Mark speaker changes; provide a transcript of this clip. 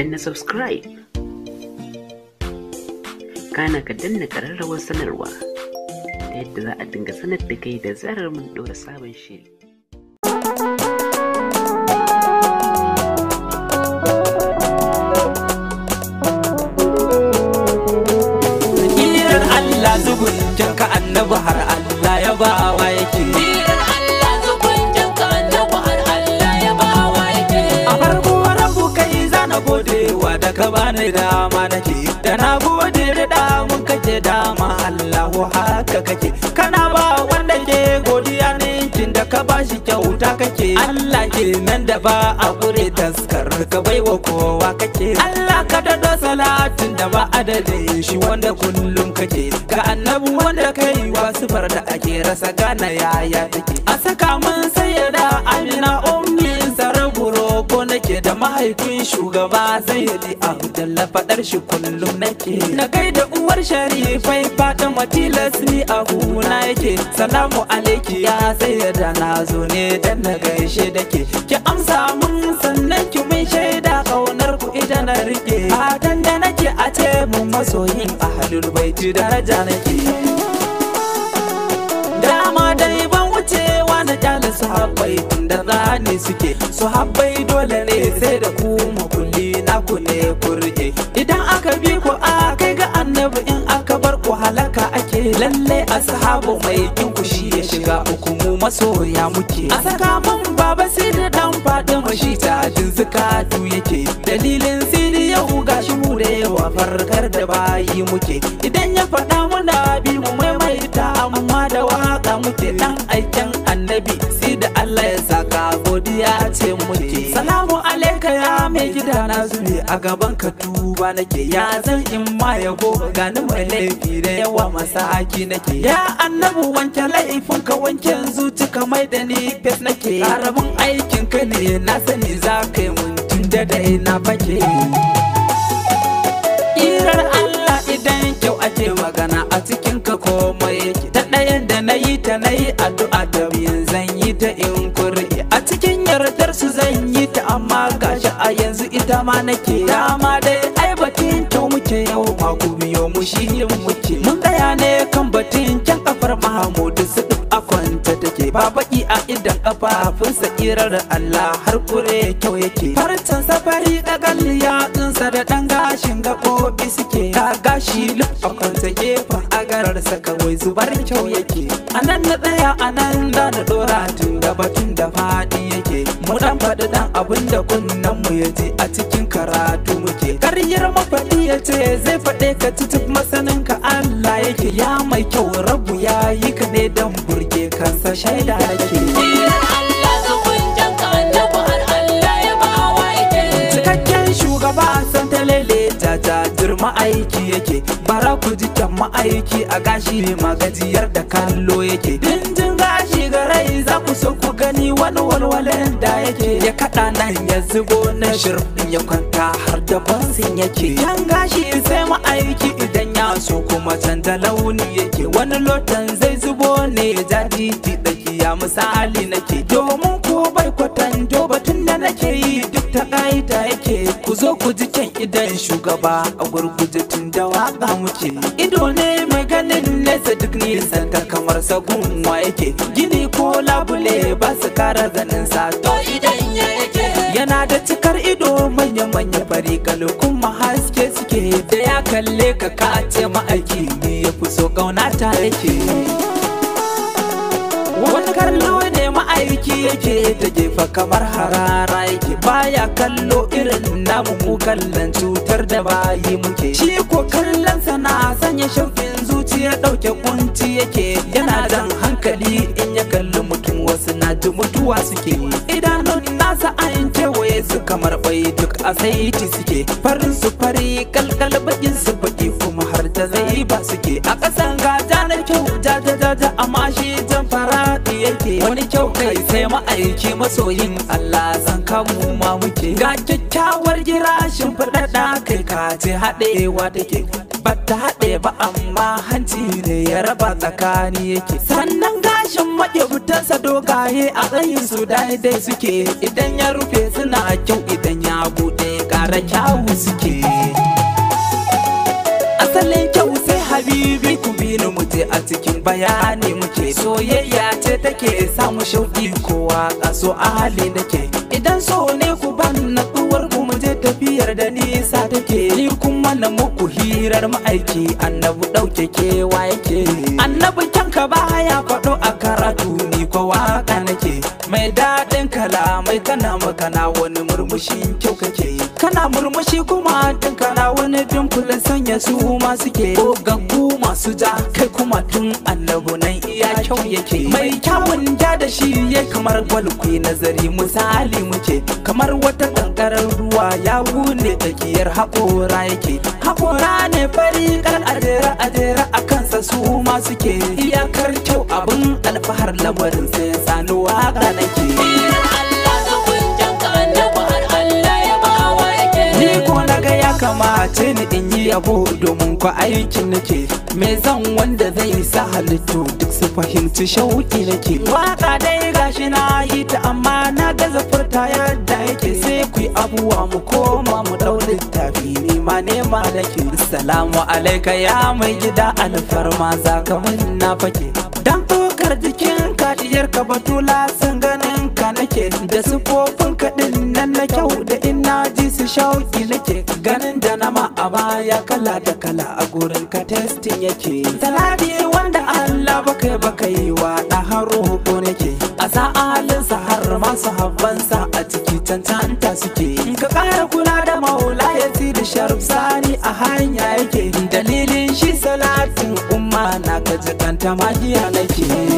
Speaker 1: danna subscribe kana ka danna ƙararrawar sanarwa ta yadda za a dinga sanar da kai da zarar mun ɗora sabon shiri Allah zubun janka annabi har bani dama nake da na gode da damun kake dama Allahu haka kake kana ba wanda ke godiya jin da ka bashi kyauta kake Allah ke nan da ba a gure taskar ka baiwa kowa kake Allah ka dado salatin da ba adadin shi wanda kullum kake ga annabi wanda kai wasu da ake rasa gana yaya take a saka mun sayyada amina ummi mahaifin shugaba zai yi li abdalla fadar shi kullum nake na kai da uwar sharifai fatan matilas ni a huna yake salamu alaiki ya zai da na zo ne dan na gaishe da ke ki amsa mun sannan ki mun shaida kaunar ku ita na rike A da nake a ce mun masoyin ahlul baiti daraja nake dama dai na kyale su habbai tunda ne suke su habbai dole ne sai da ku makulli na ku ne kurje idan aka bi ku a kai ga annabi in aka bar ku halaka ake lalle ashabu mai bin ku shi ya shiga uku masoya muke a saka mun baba sai da dan faɗi mashi ta jin zukatu yake dalilin sirri yau gashi mu da yawa farkar da bayi muke idan ya faɗa muna bi godiya ce muke salamu alaika ya mai gida na zube a gaban ka tuba nake ya zan in ma yabo gani mai laifi da yawa masa aki nake ya annabu wanke laifin ka wanke zuciya mai da ni fes nake karamin aikin ka ne na sani za ka yi mun tun da na fake irar Allah idan kyau ake magana a cikin ka komai ta ɗayan da na yi ta na yi addu'a da yanzu yi ta in kaunar su zan yi ta amma gashi a yanzu ita ma nake dama dai ai batun kyau muke yau mako ku biyo mu shi muke mun tsaya ne kan batun kyan kafar mahamudu su duk a kwanta take ba baki a idan kafafunsa irar Allah har kure kyau yake farcen safari dagal yatsunsa da dan gashin gaɓoɓi suke ta gashi luf a kwanta gefen agararsa kawai zubar kyau yake anan na tsaya anan za na dora tun da tun da faɗi faɗi ɗan abin da kunnen mu ya ji a cikin karatu muke karyar mafaɗi ya ce zai faɗe ka ci masanin ka Allah yake ya mai kyau rabu ya yi ka ne dan burge kansa shaida yake cikakken shugaba ma'aiki yake bara ku ji kyan ma'aiki a gashi magajiyar da kallo yake dindin gashi ga rai za ku so ku gani wani walwalen da yake ya kaɗa nan ya zubo na shirin ya kwanta har da bansin yake yan gashi sai ma'aiki idan ya so kuma canza launi yake wani lotan zai zubo ne ya jadi ya misali nake domin idan shugaba a gurguje tun dawa waka muke ido ne mai ganin nesa duk nisan ta kamar sagun wa yake gini ko labule ba su kara zanin sa to idan ya yake yana da cikar ido manya manya fari kalu kuma haske suke da ya kalle ka ka ce ma'aiki ne ya fi so kauna ta yake yake da gefa kamar harara yake baya kallo irin namu mu kallon cutar da bayi muke shi ko kallon sana sanya shauƙin zuciya ɗauke kunci yake yana jan hankali in ya kalli mutum wasu na ji mutuwa suke idanun nasa an kewaye su kamar bai duk a saiti suke farin su fari kalkal bakin su baki kuma har da zai ba suke a ƙasan ga na kyau jajajaja amma shi maradi yake wani kyau kai sai ma'aiki masoyin Allah zan kamu ma muke ga kyakkyawar jira shimfiɗaɗa kai ka ce haɗewa take ba ta haɗe ba amma hanci ne ya raba tsakani yake sannan gashin maƙibutansa dogaye a tsayin su daidai suke idan ya rufe suna kyau idan ya buɗe ƙara kyawu suke asalin kyau sai habibi ku bi ni mu a cikin bayani soyayya ce take samu shauki kowa kaso a hali nake idan so ne ku ban tuwar ku mu je tafiyar da nisa take ni kuma na muku hirar ma'aiki annabu dauke wa yake annabi kyanka baya faɗo a karatu ni ko waka nake mai daɗin kalamai kana makana wani murmushi kyau kake kana murmushi kuma din kana wani dunkulen sanya su ma suke gaggu masu ja kai kuma tun annabu na kyau yake mai kyawun ja da shi ya kamar gwalkwai nazari misali muke kamar wata kankarar ruwa ya gune tsakiyar haƙora yake haƙora ne fari kar ajera ajera a kansa su ma suke iyakar kyau abin alfahar lamarin sai sanuwa ga nake ce ni in yi yabo domin ku aikin nake me zan wanda zai sa halittu duk su fahimci shauki nake waka dai gashi na yi ta amma na gaza furta yadda yake sai ku abuwa mu koma mu ɗau littafi ni ma ne nema nake salamu alaika ya mai gida alfarma za ka na fake dan ɗaukar jikin kaɗiyar ka batula sun ganin ka nake da sufofin kaɗin nan na kyau da ina ji su shauki nake ganin a baya kala da kala a gurin ka testin yake taladi wanda Allah baka baka yi wa da haro ko nake a sa'alinsa har ma sa a ciki tantanta suke ka kara kula da maula ya da sharif sani a hanya yake dalilin shi salatin umma na ka jikanta magiya nake